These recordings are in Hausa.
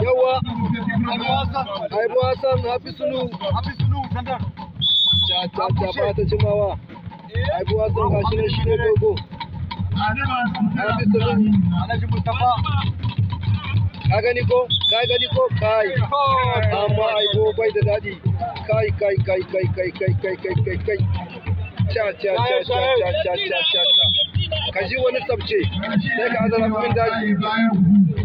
yawa aibu hassan hafi sunu ta ta ba ta jimawa aibu hassan ba shi ne shi dogo hafi sunu ka gani ko ka gani ko kai amma aibu bai da dadi. kai kai kai kai kai kai kai kai kai kai cha cha cha cha cha cha cha ka ji wani sabce sai ka azara min daji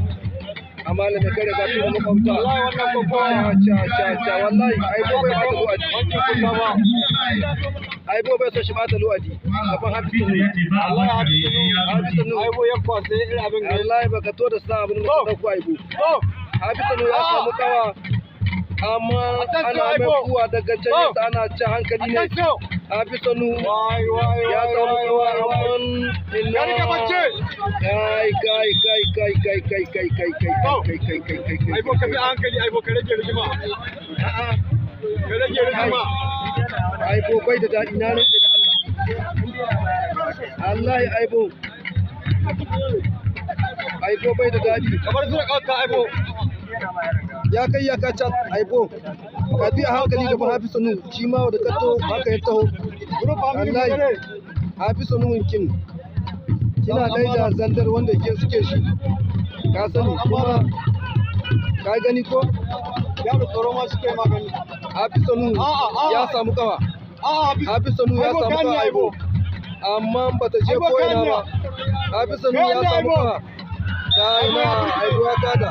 a malami kare ka tuba makwabta wannan kokowa cha cha cha wallahi ai ko bai fata luwaji ai bo bai so shi fata luwaji gaban hafizu ne Allah ya hafizu ne ai bo ya kwase irin abin wallahi baka to da sa abin da ka ku oh! oh! ah! ai bo hafizu ya samu kawa amma ana mai kuwa daga can oh! yadda ana ci hankali ne hafizu ya samu kawa kai kai kai kai ka ya kai ya kaca ka hankali shi ma da kato taho Hafizu Nuhun King kina da wanda ke suke shi ka sani kuma ka gani ko ya da tsoro ma suke Hafizu Nuhun ya samu kawa Hafizu Nuhun ya samu kawa aibo amma ba ta je ko ina ba Hafizu Nuhun ya samu kawa ta ina aibo ya kada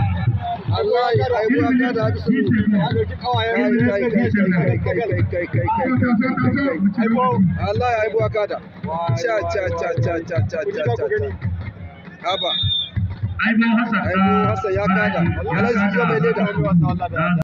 Allah ya kai mu da su ya kada cha cha cha cha cha cha cha cha haba ya kada, Alhaji Leda.